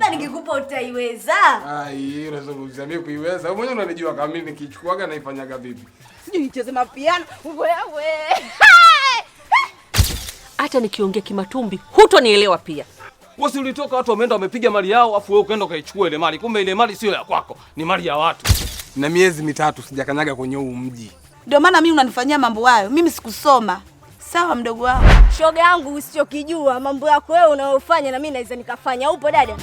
labda nikikupa utaiweza? Unazungumzia mimi kuiweza? Wewe mwenyewe unanijua kama mimi nikichukuaga naifanyaga vipi? Sijui nicheze mapiano wewe. Hata nikiongea kimatumbi hutonielewa pia. Wasi ulitoka watu wameenda wamepiga mali yao afu wewe ukaenda ukaichukua ile mali. Kumbe ile mali sio ya kwako, ni mali ya watu. Na miezi mitatu sijakanyaga kwenye huu mji. Ndio maana mimi unanifanyia mambo hayo. Mimi sikusoma. Sawa mdogo wangu. Shoga yangu usichokijua mambo yako wewe unayofanya na mimi naweza nikafanya. Upo dada?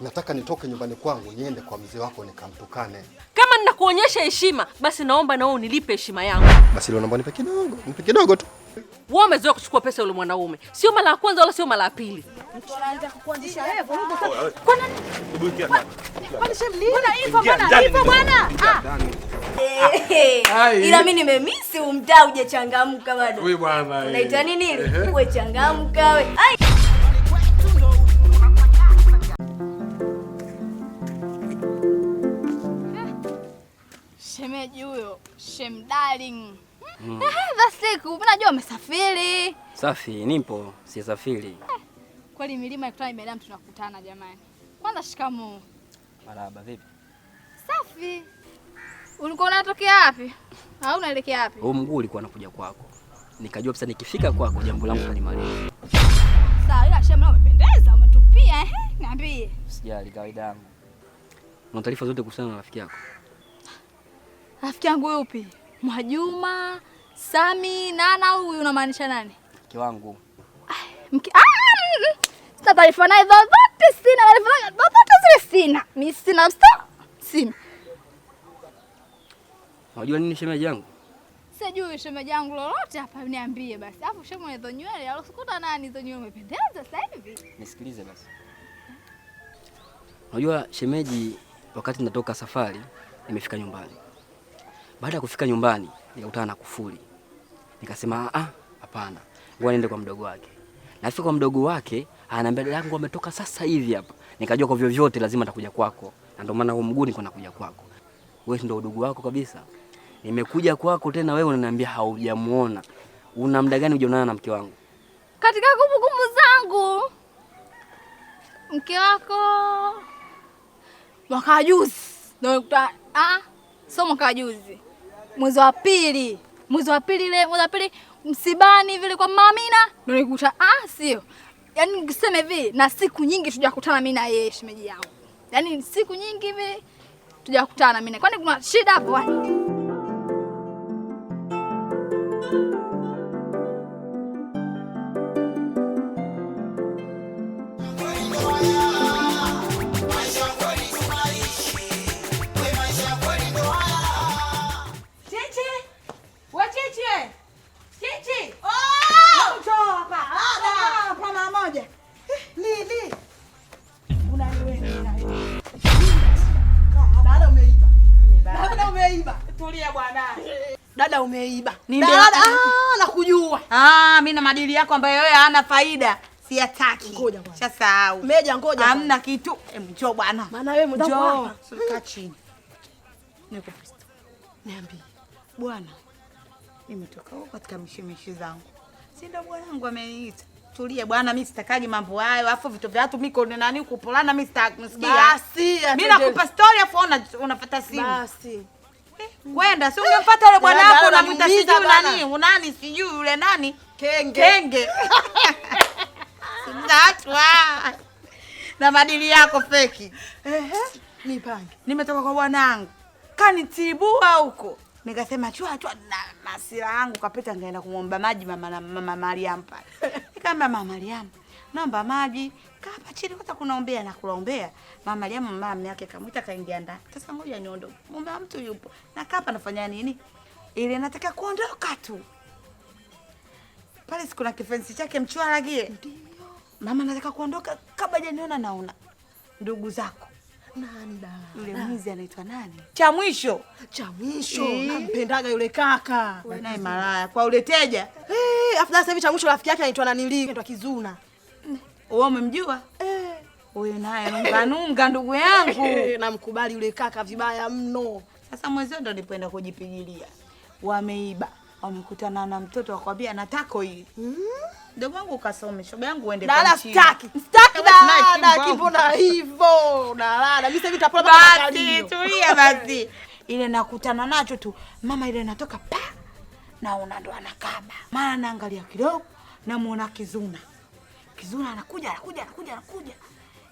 Nataka nitoke nyumbani kwangu niende kwa mzee wako nikamtukane. Kama ninakuonyesha heshima, basi naomba na wewe unilipe heshima yangu. Basi leo naomba nipe kidogo, nipe kidogo tu. Wewe umezoea kuchukua pesa yule mwanaume, sio mara ya kwanza wala sio mara ya pili. Ila mimi nimemisi umtaa hujachangamka bado. Wewe bwana. Unaita nini Uwe changamka we? Shemeji huyo, shem darling. Mm. Eh, eh, siku unajua umesafiri. Safi, nipo, si safiri. Eh, kweli milima ya ikutana imeleta tunakutana jamani. Kwanza shikamoo. Marahaba, vipi? Safi. Ulikuwa unatokea wapi? Au unaelekea wapi? Huu mguu ulikuwa unakuja kwako. Nikajua kabisa nikifika kwako jambo langu nalimaliza. Sawa, ila shema na umependeza, umetupia eh? Niambie. Usijali, kawaida yangu. Una taarifa zote kuhusiana na rafiki yako? Rafiki yangu yupi? Mwajuma, Sami, Nana, huyu unamaanisha nani? Mke wangu. Ah, mke ah! sina taarifa naye zozote, sina taarifa zozote zile, sina mi sina msta, sina. Unajua nini shemeji yangu? Sijui shemeji yangu lolote hapa, niambie basi. Alafu shemu hizo nywele alikuta nani hizo nywele, umependeza sasa hivi. Nisikilize basi. Unajua shemeji, wakati natoka safari nimefika nyumbani baada ya kufika nyumbani nikakutana na kufuli, nikasema ah, ah, hapana, ngoja niende kwa mdogo wake. Nafika kwa mdogo wake, ananiambia dada yangu ametoka sasa hivi hapa. Nikajua kwa vyovyote lazima atakuja kwako, na ndio maana huo mguu niko nakuja kwako. Wewe ndio udugu wako kabisa. Nimekuja kwako tena, wewe unaniambia haujamuona. Una muda gani hujaonana na mke wangu? Katika kumbukumbu zangu mke wako mwaka juzi, ndio ah, sio mwaka juzi mwezi wa pili, mwezi wa pili ile, mwezi wa pili msibani vile kwa Mamina ndio nikuta, ah, sio yani niseme vi na siku nyingi tujakutana mimi na yeye shemeji yangu, yani siku nyingi vi tujakutana mimi, kwani kuna shida hapo? Dada umeiba. Ni Dada Ah, nakujua. Ah, mimi na madili yako ambayo wewe hana faida. Siyataki. Ngoja bwana. Shasahau. Meja ngoja. Hamna kitu. Em, njoo bwana. Maana wewe mdogo hapa. Kaa chini. Niko pasta. Niambie. Bwana. Nimetoka huko katika mishimishi zangu. Si ndio bwanangu ameniita. Tulie bwana, mimi sitakaji mambo hayo. Alafu vitu vya watu miko nani kupolana mimi sitakusikia. Basi. Mimi nakupa story afu unafuata simu. Basi. Eh, kwenda si ungempata yule bwana wako unamwita sijui nani unani sijui yule nani kenge kenge zatwa na madili yako feki. Ehe, nipange nimetoka kwa bwanangu kanitibua huko, nikasema chua chua na masira yangu kapita, nikaenda kumwomba maji mama na mama Mariam pale, mama Mariam, naomba maji Kapa hapa chini kwanza kunaombea na kulaombea. Mama Mariamu mama mume wake kamuita kaingia ndani. Sasa ngoja niondoke. Mume wa mtu yupo. Na kapa hapa nafanya nini? Ile nataka kuondoka tu. Pale sikuna kifensi chake mchwara gie. Ndio. Mama nataka kuondoka kabla hajaniona naona. Ndugu zako. Nanda. Yule ah. mwizi anaitwa nani? Cha mwisho. Cha mwisho. Eh. Nampendaga yule kaka. Naye malaya kwa uleteja. Eh, afu sasa hivi cha mwisho rafiki yake anaitwa nani? Anaitwa Kizuna. Wewe umemjua? Eh. Wewe naye nunganunga ndugu yangu. Eh, namkubali yule kaka vibaya mno. Sasa mwezio ndo nilipoenda kujipigilia. Wameiba. Wamekutana na mtoto akwambia natako hii. Mm. Ndugu wangu kasome, shoga yangu uende kwa nchi. Staki. Staki kipo kipona hivyo. Dada, mimi sasa nitapola baba kalio. Basi tulia basi. Ile nakutana nacho tu. Mama ile natoka pa. Naona ndo anakaba. Maana naangalia kidogo namuona kizuna. Kizuna anakuja anakuja anakuja anakuja,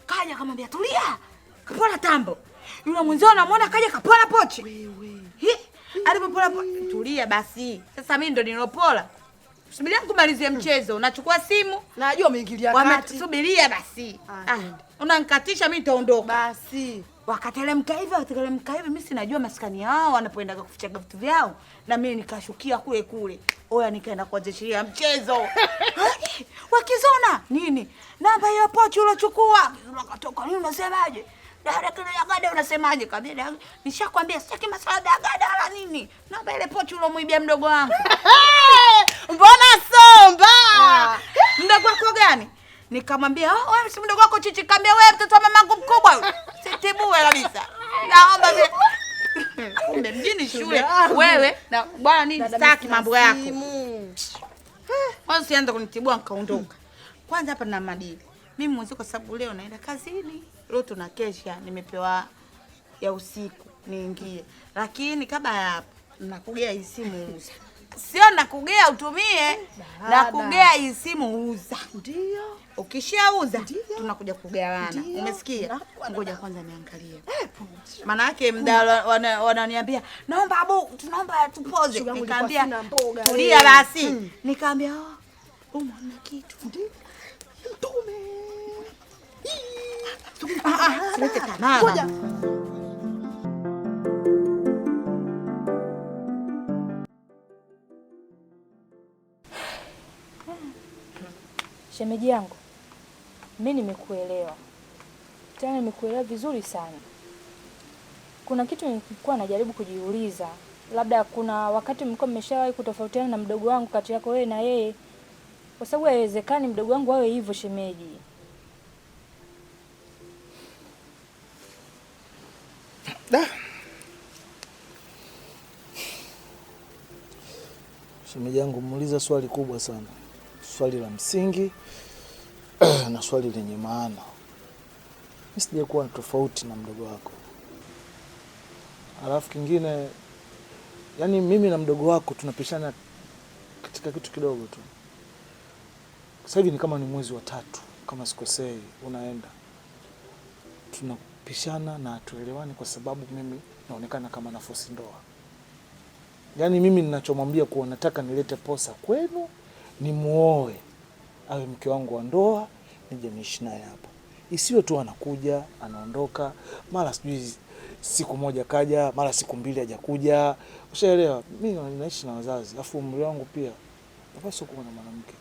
kaja kamwambia tulia, kapola tambo. Yule mwenzio namwona kaja kapola pochi, alipopola tulia. Basi sasa mimi ndo nilopola. Subiria kumalizia mchezo, nachukua simu, najua umeingilia kati. subiria basi, ah, unankatisha mimi nitaondoka basi. Wakateremka hivyo, wakateremka hivyo. mimi sinajua maskani yao wanapoenda kufichaga vitu vyao, na mimi nikashukia kule kule. Oya, nikaenda kuanzishia mchezo wakizona nini, namba hiyo pochi ulochukua katoka nini, unasemaje gada, unasemaje Kabila nishakwambia sitaki maswala ya gada wala nini, namba ile pochi ulomwibia mdogo wangu mbona somba ah. mdogo wako gani? Nikamwambia oh, wewe si mdogo wako chichi, kambia wewe mtoto wa mamangu mkubwa tibue kabisa. Naomba mimi. kumbe mjini shule wewe na bwana nini, staki mambo yako. Kwanza usianze kunitibua nikaondoka. Kwanza hapa na madili. Mimi mwezi kwa sababu leo naenda kazini. Leo tuna kesha nimepewa ya usiku niingie. Lakini kabla ya hapo nakugea isimu simu sio nakugea utumie, nakugea hii simu uza. Ndio. Ukishauza tunakuja kugawana. Umesikia? Ngoja kwanza niangalie. Eh, Maana yake mda wananiambia naomba abu, tunaomba tupoze. Nikamwambia tulia eh. basi. Mm. Nikamwambia oh, umeona kitu? Ndio. Mtume. Ah, ah, ah, ah, ah. Shemeji yangu, mi nimekuelewa tena, nimekuelewa vizuri sana. Kuna kitu nilikuwa najaribu kujiuliza, labda kuna wakati mlikuwa mmeshawahi kutofautiana na mdogo wangu, kati yako wewe na yeye, kwa sababu haiwezekani mdogo wangu awe hivyo. Shemeji, da shemeji yangu, muuliza swali kubwa sana swali la msingi na swali lenye maana. Mi sijakuwa tofauti na mdogo wako. alafu kingine, yani mimi na mdogo wako tunapishana katika kitu kidogo tu. Sasa hivi ni kama ni mwezi wa tatu kama sikosei, unaenda tunapishana na hatuelewani, kwa sababu mimi naonekana kama nafosi ndoa. Yani mimi ninachomwambia kuwa nataka nilete posa kwenu nimuoe awe mke wangu wa ndoa, nije niishi naye hapa. Isiwe tu anakuja anaondoka, mara sijui siku moja kaja, mara siku mbili hajakuja. Ushaelewa, mimi naishi na wazazi, afu umri wangu pia napaswa kuwa na mwanamke,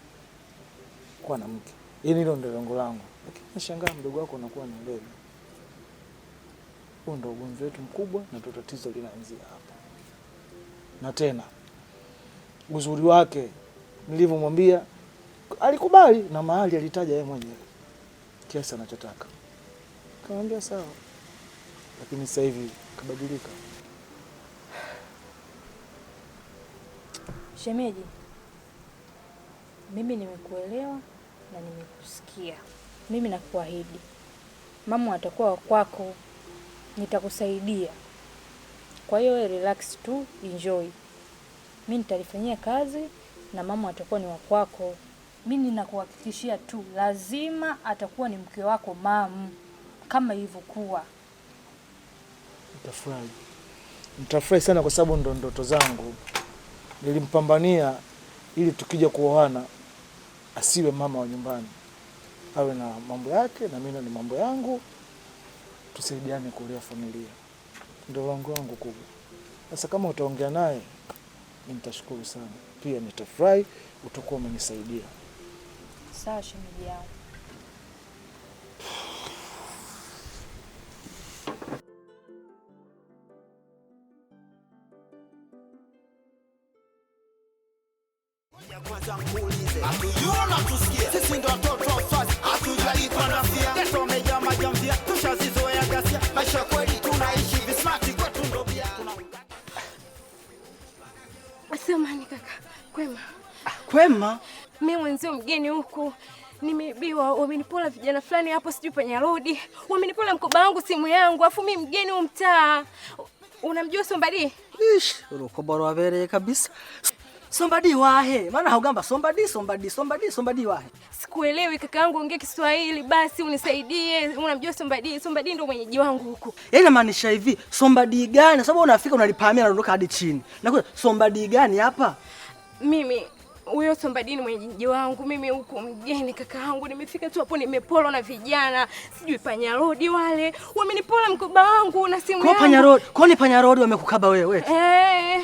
kuwa na mke. Yani hilo ndio lengo langu, lakini nashangaa mdogo wako anakuwa na lele. Huo ndio ugomvi wetu mkubwa, na ndio tatizo linaanzia hapa. Na tena uzuri wake nilivyomwambia alikubali na mahali alitaja yeye mwenyewe kiasi anachotaka. Kaambia sawa, lakini sasa hivi kabadilika. Shemeji, mimi nimekuelewa na nimekusikia. Mimi nakuahidi mama atakuwa wakwako, nitakusaidia. Kwa hiyo relax tu, enjoy. Mimi nitalifanyia kazi na mama atakuwa ni wakwako. Mimi ninakuhakikishia tu, lazima atakuwa ni mke wako mamu, kama ilivyokuwa. Nitafurahi, nitafurahi sana, kwa sababu ndo ndoto zangu nilimpambania, ili tukija kuoana asiwe mama wa nyumbani, awe na mambo yake na mimi ni mambo yangu, tusaidiane kulea familia. Ndio wangu wangu kubwa. Sasa kama utaongea naye, nitashukuru sana pia nitafurahi, utakuwa umenisaidia. Sawa shemeji yangu. mi mwenzio mgeni huku nimeibiwa, wamenipola vijana fulani hapo, sijui penye rodi, wamenipola mkoba wangu, simu yangu, afu mi mgeni huu mtaa. Unamjua Sombadi? Ish, urukoba rwa bere kabisa. Sombadi wahe, maana haugamba Sombadi, Sombadi, Sombadi, Sombadi wahe. Sikuelewi kaka yangu, ongea Kiswahili basi unisaidie. Unamjua Sombadi? Sombadi ndio mwenyeji wangu huku. Yaani namaanisha hivi, Sombadi gani? Sababu unafika unalipamia na kuondoka hadi chini. Na kwa Sombadi gani hapa? Mimi huyo Sombadini mwenyeji wangu mimi, huko mjini kaka yangu, nimefika tu hapo, nimepolwa na vijana sijui panyarodi wale, wamenipola mkoba wangu na simu yangu. Kwa panyarodi, kwa ni panyarodi wamekukaba wewe? Eh,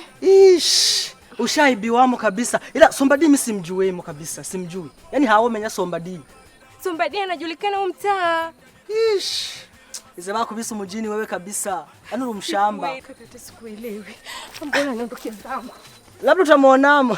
ish, ushaibiwamo kabisa. Ila Sombadini mimi simjuwemo kabisa, simjui. Yaani wamenya Sombadini. Sombadini anajulikana huko mtaa. Ish, izaba kubisa mjini wewe kabisa. Yaani umshamba. Wewe kaka, sikuelewi. Mbona niondoke zangu? Labda utamuonamo.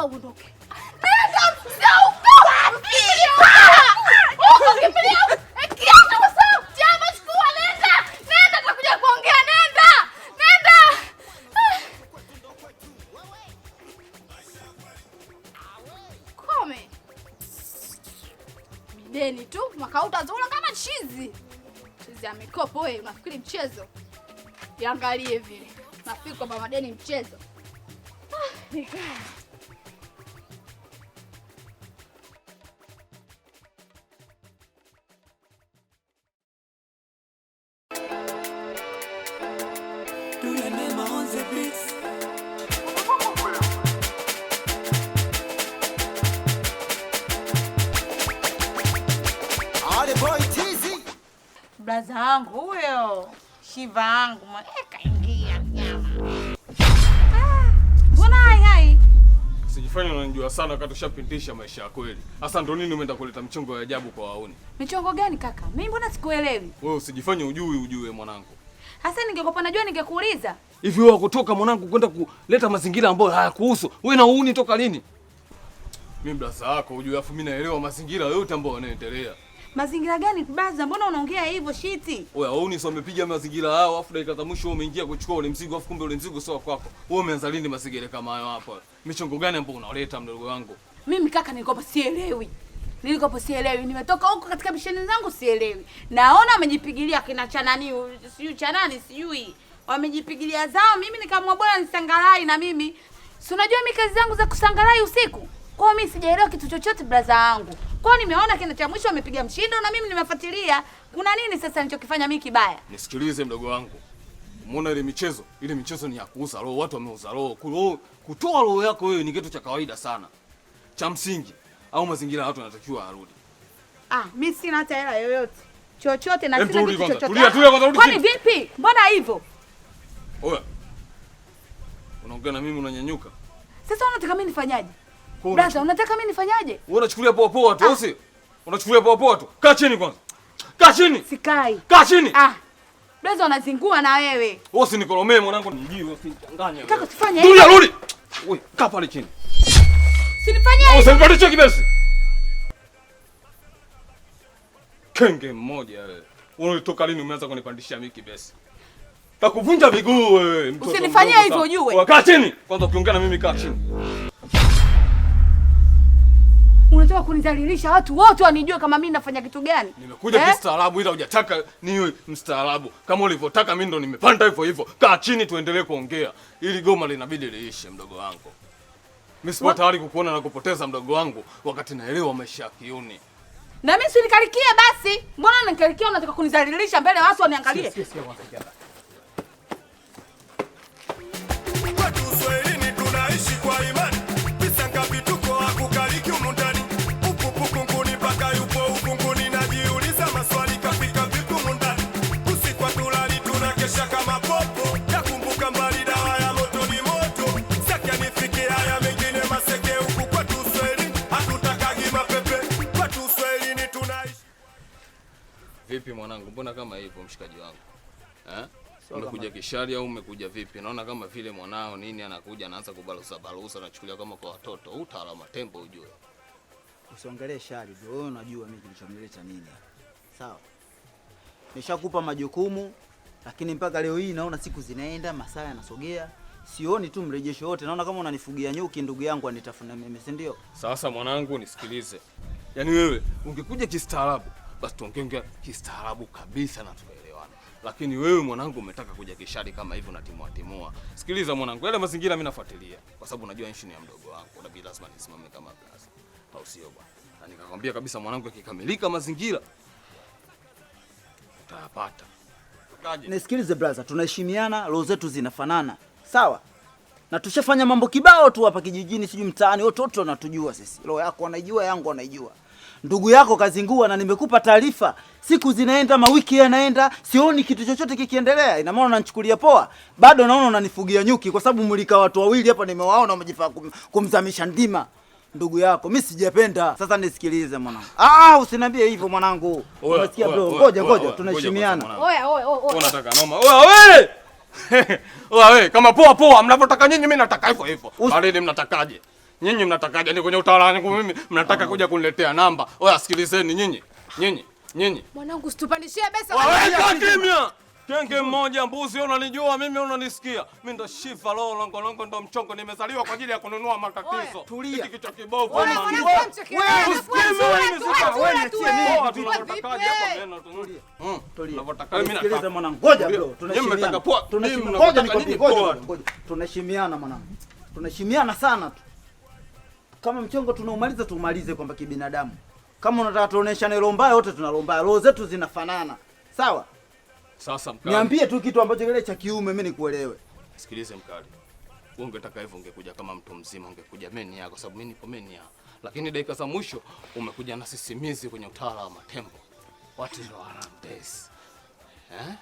naomba uondoke. Deni tu mwaka utazula kama chizi chizi ya mikopo. Wewe unafikiri mchezo? Yangalie vile nafikiri kwamba madeni mchezo. Ah, unachokifanya unanijua sana, wakati ushapindisha maisha ya kweli. Sasa ndo nini umeenda kuleta mchongo wa ajabu kwa wauni? Mchongo gani kaka? Mimi mbona sikuelewi? Wewe usijifanye ujui ujue mwanangu. Hasa ningekopa najua ningekuuliza. Hivi wewe kutoka mwanangu kwenda kuleta mazingira ambayo hayakuhusu. Wewe na uuni toka lini? Mimi blasa yako ujue, afu mimi naelewa mazingira yote ambayo yanaendelea. Mazingira gani baza? Mbona unaongea hivyo shiti? Wewe au ni sio umepiga mazingira hayo afu dakika za mwisho umeingia kuchukua ule mzigo, afu kumbe ule mzigo sio kwako. Wewe umeanza lini mazingira kama hayo hapo? Michongo gani ambayo unaleta mdogo wangu? Mimi kaka, nilikopa sielewi. Nilikopa sielewi. Nimetoka huko katika misheni zangu sielewi. Naona amejipigilia kina cha nani, sijui cha nani, sijui. Wamejipigilia zao, mimi nikaamua bora nisangalai na mimi. Si unajua mimi kazi zangu za kusangalai usiku. Kwa mimi sijaelewa kitu chochote brother wangu. Kwao nimeona kina cha mwisho amepiga mshindo na mimi nimefuatilia. Kuna nini sasa nilichokifanya mimi kibaya? Nisikilize mdogo wangu. Umeona ile michezo? Ile michezo ni ya kuuza roho, watu wameuza roho. Oh, kutoa roho yako wewe ni kitu cha kawaida sana. Cha msingi au mazingira watu wanatakiwa arudi. Ah, mimi sina hata hela yoyote. Chochote na sina kitu chochote. Tulia, tulia kwanza, rudi. Kwani vipi? Mbona hivyo? Oya. Unaongea na mimi unanyanyuka. Sasa unataka mimi nifanyaje? Brother, unataka mimi nifanyaje? Wewe unachukulia poa poa tu, usi? Ah. Unachukulia poa poa tu. Kaa chini kwanza. Kaa chini. Sikai. Kaa chini. Ah. Brother, unazingua na wewe. Wewe usinikolomee mwanangu, nijiwe usinichanganye. Kaka usifanye hivyo. Tulia rudi. Wewe kaa pale chini. Usinifanye hivyo. Usinipate choki kibesi. Kenge mmoja wewe. Wewe Unatoka lini umeanza kunipandishia mimi kibesi? Takuvunja miguu wewe mtoto. Usinifanyie hivyo ujue. Kaa chini. Kwanza ukiongea na mimi kaa chini. Yeah. Unataka kunidhalilisha, watu wote wanijue kama mimi nafanya kitu gani. Nimekuja eh, kistaarabu, ila hujataka niwe mstaarabu kama ulivyotaka. Mimi ndo nimepanda hivyo hivyo. Kaa chini tuendelee kuongea, ili goma linabidi liishe, mdogo wangu. Mimi sipo tayari kukuona na kupoteza mdogo wangu, wakati naelewa maisha ya kiuni. Na mimi sinikarikie basi. Mbona nikarikia? Unataka kunidhalilisha mbele ya watu waniangalie? Tunaishi kwa imani. Vipi mwanangu, mbona kama hivyo mshikaji wangu eh? Umekuja kishari au umekuja vipi? Naona kama vile mwanao nini anakuja anaanza kubalusa balusa, anachukulia kama kwa watoto. Utaalamu matembo ujue, usiongelee shari bro. Wewe unajua mimi kilichomleta nini? Sawa, nishakupa majukumu, lakini mpaka leo hii naona siku zinaenda, masaa yanasogea, sioni tu mrejesho wote. Naona kama unanifugia nyuki, ndugu yangu anitafuna mimi, si ndio? Sasa mwanangu, nisikilize, yaani wewe ungekuja kistaarabu basi tuongenge kistaarabu kabisa na tuelewane. Lakini wewe mwanangu, umetaka kuja kishari kama hivyo na timua timua. Sikiliza mwanangu, yale mazingira mimi nafuatilia kwa sababu najua nchi ni ya mdogo wangu na bila lazima nisimame kama kazi, au sio bwana? Na nikakwambia kabisa mwanangu, akikamilika mazingira utayapata. Nisikilize brother, tunaheshimiana, roho zetu zinafanana sawa, na tushafanya mambo kibao tu hapa kijijini, sijui mtaani, wote wote wanatujua sisi. Roho yako wanaijua, yangu wanaijua ndugu yako kazingua, na nimekupa taarifa. Siku zinaenda, mawiki yanaenda, sioni kitu chochote kikiendelea. Ina maana unanichukulia poa? Bado naona unanifugia nyuki, kwa sababu mlika watu wawili hapa nimewaona wamejifaa kum, kumzamisha ndima ndugu yako. Mi sijapenda. Sasa nisikilize mwanangu. Ah, ah usiniambie hivyo mwanangu, unasikia bro? Ngoja ngoja, tunaheshimiana. Oya oya oya, unataka noma? Oya wewe oya wewe, kama poa poa mnavyotaka nyinyi, mimi nataka hivyo hivyo. Bali mnatakaje? nyinyi mnatakaje? Ni kwenye utawala wangu mimi mnataka kuja kuniletea namba? Oya, sikilizeni nyinyi, nyinyi, nyinyi. Mwanangu, usitupandishie besa. Waweka kimya. Kenge mmoja mbuzi, unanijua mimi, unanisikia mimi, ndo shifa leo longo longo, ndo mchongo, nimezaliwa kwa ajili ya kununua matatizo. Tulia kichwa kibovu. Wewe hmm, sikiliza mwanangu, ngoja bro, tunaheshimiana mwanangu, tunaheshimiana sana tu kama mchongo tunaumaliza tuumalize kwamba kibinadamu. Kama unataka tuoneshane roho mbaya, wote tuna roho mbaya, roho zetu zinafanana sawa. Sasa mkali, niambie tu kitu ambacho kile cha kiume, mimi nikuelewe. Sikilize mkali, wewe ungetaka hivyo ungekuja kama mtu mzima, ungekuja meni yako, sababu mimi nipo meni yako, lakini dakika za mwisho umekuja na sisimizi kwenye utawala wa matembo, watu ndio wanambesi eh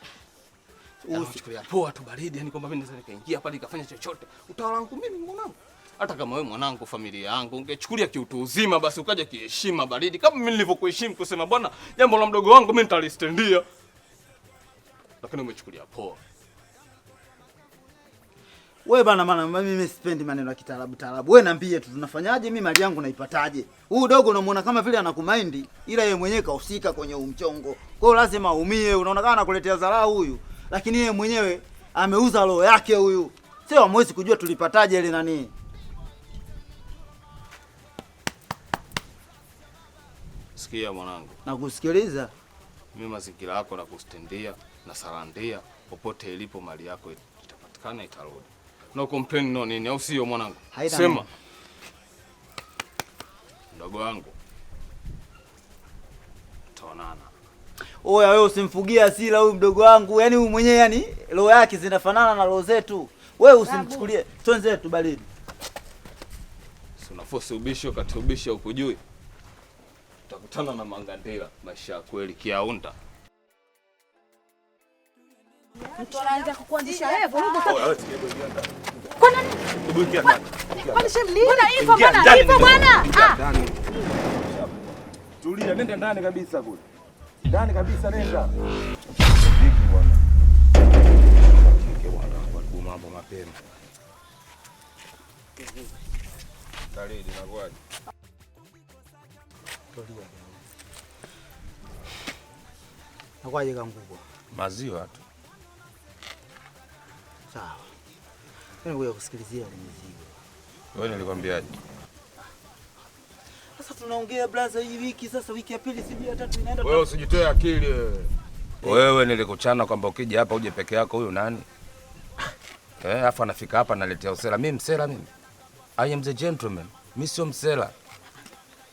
Usichukulia yaani poa tu baridi, yani kwamba mimi naweza nikaingia pale nikafanya chochote. Utawala wangu mimi mwanangu hata kama wewe mwanangu, familia yangu, ungechukulia kiutu uzima basi, ukaja kiheshima baridi kama mimi nilivyokuheshimu, kusema bwana, jambo la mdogo wangu mimi nitalistendia, lakini umechukulia poa wewe bana, maana mimi sipendi maneno ya kitaalamu taalamu. Wewe niambie tu tunafanyaje, mimi mali yangu naipataje? Huu dogo unamwona kama vile anakumaindi, ila yeye mwenyewe kahusika kwenye umchongo, kwa hiyo lazima aumie. Unaona kama anakuletea dharau huyu, lakini yeye mwenyewe ameuza roho yake huyu. Sio, hamwezi kujua tulipataje ile nani nakusikia mwanangu, nakusikiliza. Mimi mazingira yako nakustendia na sarandia, popote ilipo mali yako itapatikana, itarudi. No complain no nini, au sio mwanangu? Sema mdogo wangu, tonana. Oya, wewe usimfugia asira huyu mdogo wangu, yaani huyu mwenyewe, yani roho yake zinafanana na roho zetu. Wewe usimchukulie, twende tubalini. Si unafua ubisho kati ubisho ukujui utakutana na Mangandela, maisha ya kweli kiaunda. Oh, kwa nini? ndani. Tulia, nenda ndani kabisa kule. Ndani kabisa nenda. Kike bwana, kwa mambo mapema. Dalili na kwaje? Tulia nakwaje Maziwa tu. Sawa, kusikilizia Wewe nilikwambiaje? Sasa tunaongea blaza, hii wiki sasa, wiki ya pili, sijui ya tatu inaenda. Wewe usijitoe akili wewe, nilikuchana kwamba ukija hapa uje peke yako. Huyu nani? Eh, afu anafika hapa analetea usela. Mimi msela mimi? I am the gentleman. Mimi sio msela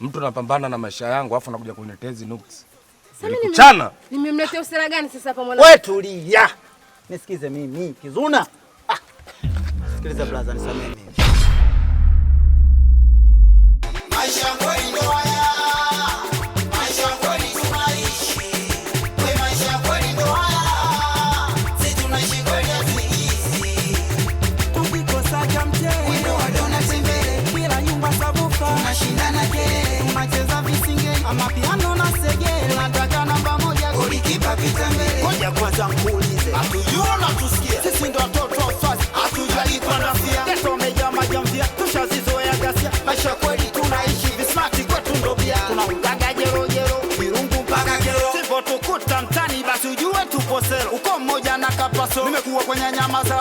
mtu anapambana na maisha yangu afu anakuja kuniletea hizi nuksi. Yaani Chana. Nimemletea usira gani sasa hapa mwanangu? Wewe tulia. Nisikize mimi, Kizuna. Ah. Sikiliza brother, nisamee mimi. Maisha yangu Amazon